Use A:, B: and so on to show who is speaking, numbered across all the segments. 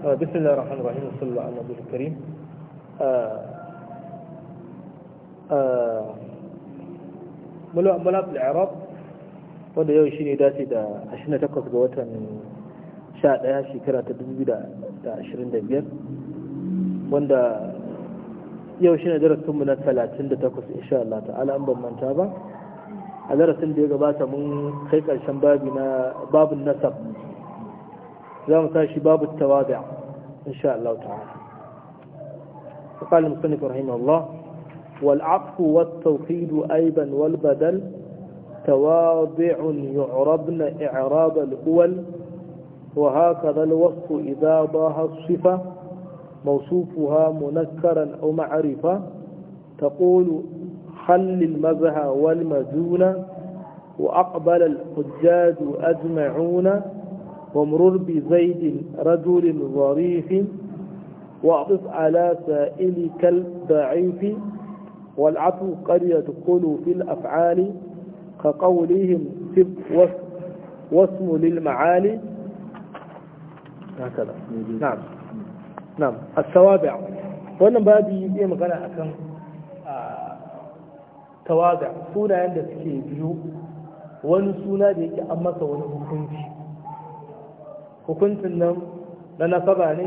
A: بسم الله الرحمن الرحيم وصلى الله على النبي الكريم ملاب الإعراب wanda yau shi ne dace da 28 ga watan 11 shekara ta 2025 wanda yau shi ne darasinmu na 38 insha Allah ta'ala an manta ba a darasin da ya gabata mun kai karshen babu babin nasab زام كان باب التواضع إن شاء الله تعالى وقال المصنف رحمه الله والعطف والتوحيد أيضا والبدل تواضع يعربن إعراب الأول وهكذا الوصف إذا ضاها الصفة موصوفها منكرا أو معرفة تقول خل المزهى والمزون وأقبل الحجاج أجمعون ومرر بزيد رجل ظريف واعطف على سائلك الضعيف والعطف قد يدخل في الأفعال كقولهم سب واسم للمعالي هكذا نعم نعم التوابع wannan babi zai magana akan tawaga sunayen da suke biyu wani suna da yake an masa wani hukunci hukuncin nan na nasaba ne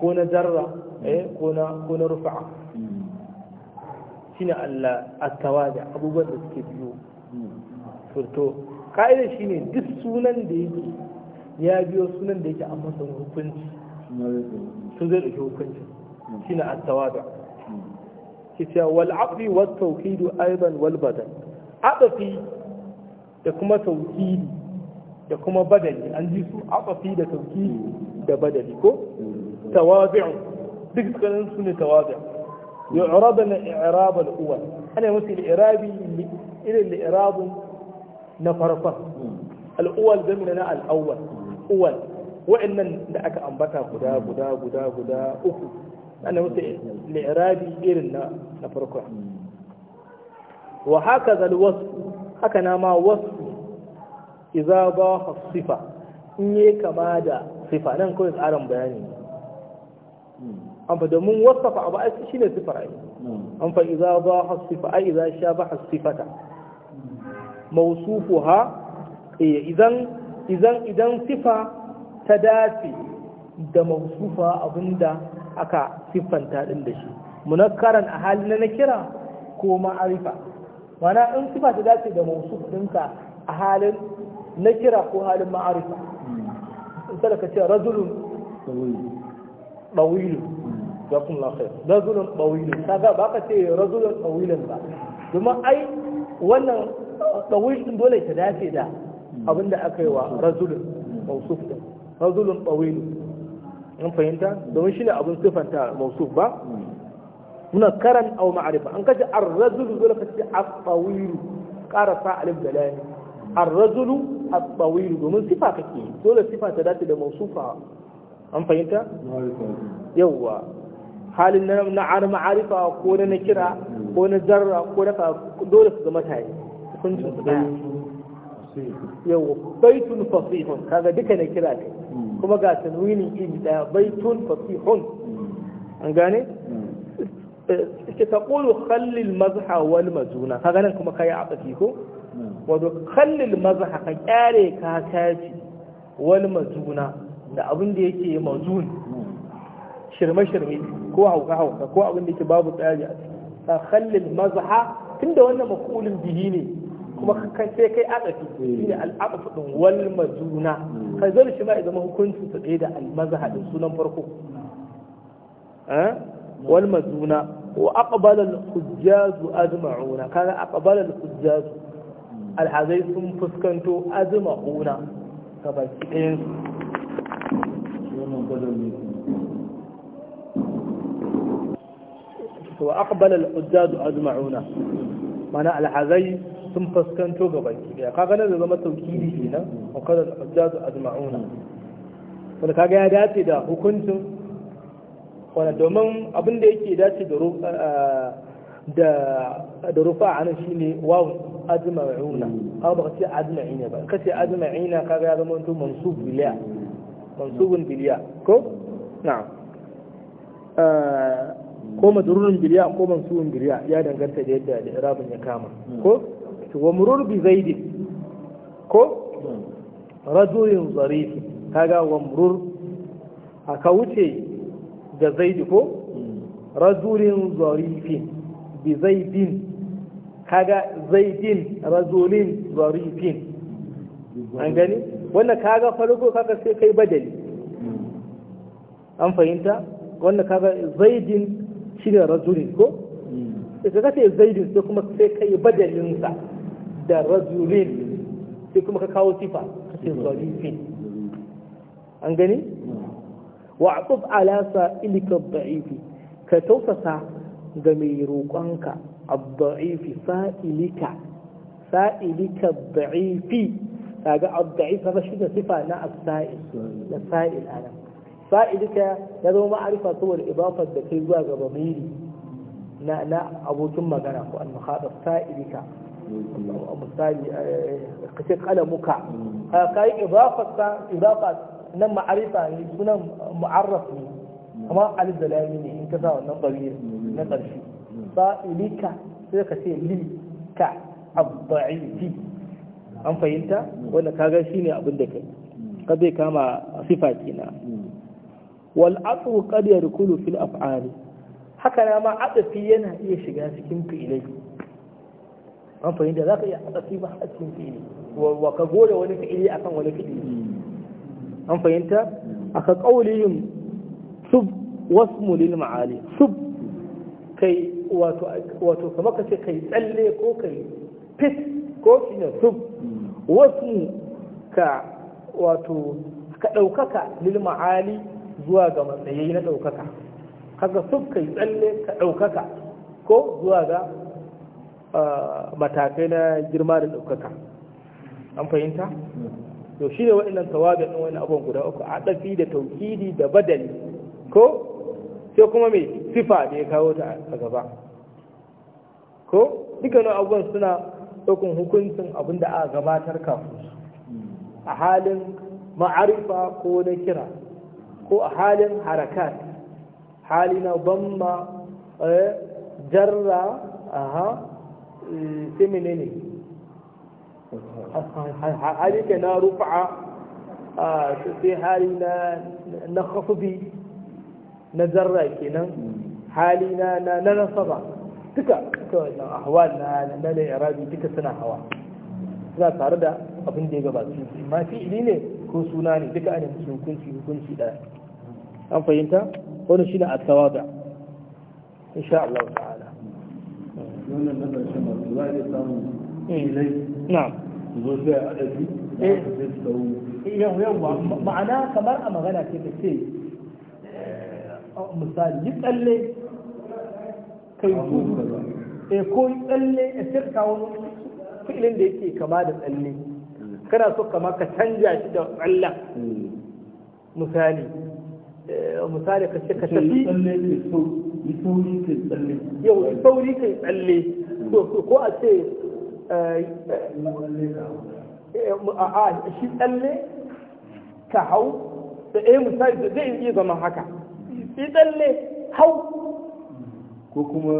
A: ko na jarra eh ko na ko na rufa'a Allah at-tawadi abubuwan da suke biyo furto ka'ida shine duk sunan da yake ya biyo sunan da yake an masa hukunci sun zai dauki hukunci. shine at-tawadi kita wal aqli wat tawkid aidan wal badal adafi da kuma tawkidi da kuma badali an ji su afafi da tauki da badali ko tawabi'u duk kanin su ne tawabi'u yu'rabu na i'rab al-awwal ana musu al-i'rabi irin al-i'rab na farkon al-awwal zamina na al-awwal awwal wa'annan da aka ambata guda guda guda guda uku ana musu al-i'rabi irin na na farkon wa haka zal wasf haka na ma wasf iza ba sifa in yi kama da sifa nan kawai tsarin bayani amma domin wasafa abu aiki shi ne sifa rai fa iza ba sifa ai iza sha ba sifata mausufuha idan idan idan sifa ta dace da mausufa abinda aka siffanta din da shi munakkaran a halin na kira ko ma'arifa mana in sifa ta dace da mausuf ɗinka a halin na kira ko halin ma'arifa in sada ka ce rajulun ɗawilu ya kun lafai rajulun ɗawilu ta ga ba ka ce rajulun ɗawilun ba domin ai wannan ɗawilun dole ta dace da abinda aka yi wa rajulun mausuf ɗin rajulun ɗawilu an fahimta domin shi ne abin siffanta mausuf ba karan an منكرا dole ka ce كذا الرجل يقول sa الطويل da فاعل بدلان الرجل abawiru domin sifa kake dole sifa ta dace da mausufa an fahimta yawwa halin na na'ar ma'arifa ko na kira ko na zarra ko na dole su zama tare hukuncin su daya yawwa baitun fasihun kaga duka na kira kai kuma ga tanwinin iri daya baitun fasihun an gane hmm. eh, eh, ke khalli al mazha wal mazuna kaga nan kuma kai a ko wato khallil mazaha ka kyare ka kaci wal mazuna da abin da yake mazun shirme shirme ko hauka hauka ko abin da yake babu tsari a ka khallil mazaha tunda wannan maqulun bihi ne kuma kai sai kai aqafi shine al aqafu din wal mazuna ka zar shi ma ya zama hukuncin sa ɗaya da al mazaha din sunan farko eh wal mazuna wa aqbala al hujjaz ajma'una Kana aqbala al hujjaz alhazai sun fuskanto azuma una ga baki ɗayansu wa aqbala al-hujjaj azma'una mana alhazai sun fuskanto ga baki ya kaga nan zama taukidi kenan wa qala al-hujjaj azma'una wanda kaga ya dace da hukuncin wanda domin abin da yake dace da da rufa anan shine wawu ajma'una aw ba ce ajma'ina ba ce ajma'ina kaga ya zama to mansub biliya mansubun biliya ko na'am ko madrurun biliya ko mansubun biliya ya danganta da yadda da irabun ya kama ko to wa murur bi zaid ko rajulun zarif kaga wa murur aka wuce da zaid ko rajulun zarif bi zaidin kaga zaidin razulin zarifin an gani wannan kaga farko kaga sai kai badali an fahimta wannan kaga zaidin shine razulin ko sai ka ce zaidin sai kuma sai kai sa da razulin sai kuma ka kawo sifa ka ce zarifin an gani wa atuf ala sa'ilika da'ifi ka tausasa ga mai roƙonka الضعيف سائلك سائلك الضعيف هذا الضعيف هذا شيء صفة لا السائل السائل أنا سائلك هذا معرفة صور إضافة ذكي ضميري لا لا أبو ثم أنا المخاطب سائلك misali ka ce kalamuka ka yi idafa nan ma'arifa ne sunan mu'arraf ne amma alif da lami ne in ka sa wannan bari na ƙarshe ba'ilika sai ka ce li ka abba'ifi an fahimta wanda kaga shine abin da kai ka zai kama sifa kina wal asru qad yarkulu fil af'ali haka na ma adafi yana iya shiga cikin fi'ilai an fahimta zaka iya adafi ba a cikin fi'ili wa ka gode wani fi'ili akan wani fi'ili an fahimta aka qaulihim sub wasmu lil ma'ali sub kai wato kamar ka ce kai tsalle ko kai fit ko shi ne sub wasu ka wato ka ɗaukaka lil ma'ali zuwa ga matsayi na ɗaukaka kaga sub kai tsalle ka ɗaukaka ko zuwa ga matakai na girma da ɗaukaka an fahimta? to shine ne waɗannan tawaga ɗin wani abubuwan guda uku a ɗafi da Tauhidi da badali ko sai kuma mai sifa da ya kawo ta a gaba ko dukkanin abubuwan suna ɗaukun hukuncin abin da aka gabatar kafin su a halin ma'arifa ko na kira ko a halin harakat hali na bamma eh, jarra aha eh, sai hali ke na rufa sai hali na khafubi na zarra kenan hali na na na nasaba duka duka wannan hawa na na da irabi duka suna hawa suna tare da abin da ya gabata ma fi'ili ne ko suna ne duka ana musu hukunci hukunci daya an fahimta wani shi shine at-tawadu insha Allah ta'ala wannan nan da masu ba za a samu eh, ilai na'am zo sai a adabi eh. eh yau yau ma'ana kamar a magana ce ta ce misali yi tsalle kai tudu e eh, ko yi tsalle a shirka wani fi'ilin da yake kama da tsalle kana so kama ka canja shi da tsallen misali eh, misali ka ce ka tafi yi sauri kai tsalle yau yi sauri kai tsalle ko a ce eh, a shi tsalle ka hau da ɗaya misali da zai iya zama haka yi tsalle hau ko kuma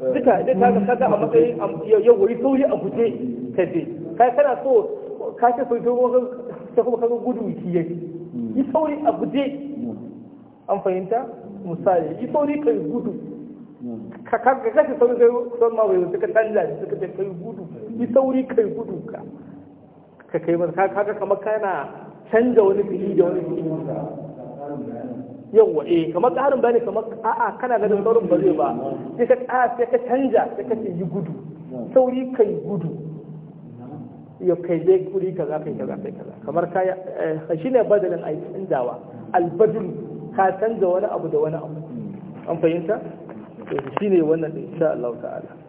A: eh, duka idan ta ga kaga a matsayin yau wuri sauri a guje ka je kai kana so ka ce to dogo ka kuma kaga gudu ki yi hmm. yi sauri a guje hmm. an fahimta misali yi sauri kai gudu hmm. ka kaga kace sauri kai son ma bai suka canza suka ce kai gudu yi sauri kai gudu ka ka kai ka kaga kamar kana canza wani fili da wani fili yawwa eh kamar ƙarin bane kamar a'a kana ganin saurin ba zai ba sai ka a sai ka canja sai ka yi gudu sauri kai gudu ya kai dai guri kaza kai kaza kai kaza kamar ka eh, shine badalin ai canjawa albadul ka canza wani abu da wani abu an fahimta eh, shine wannan insha Allah ta'ala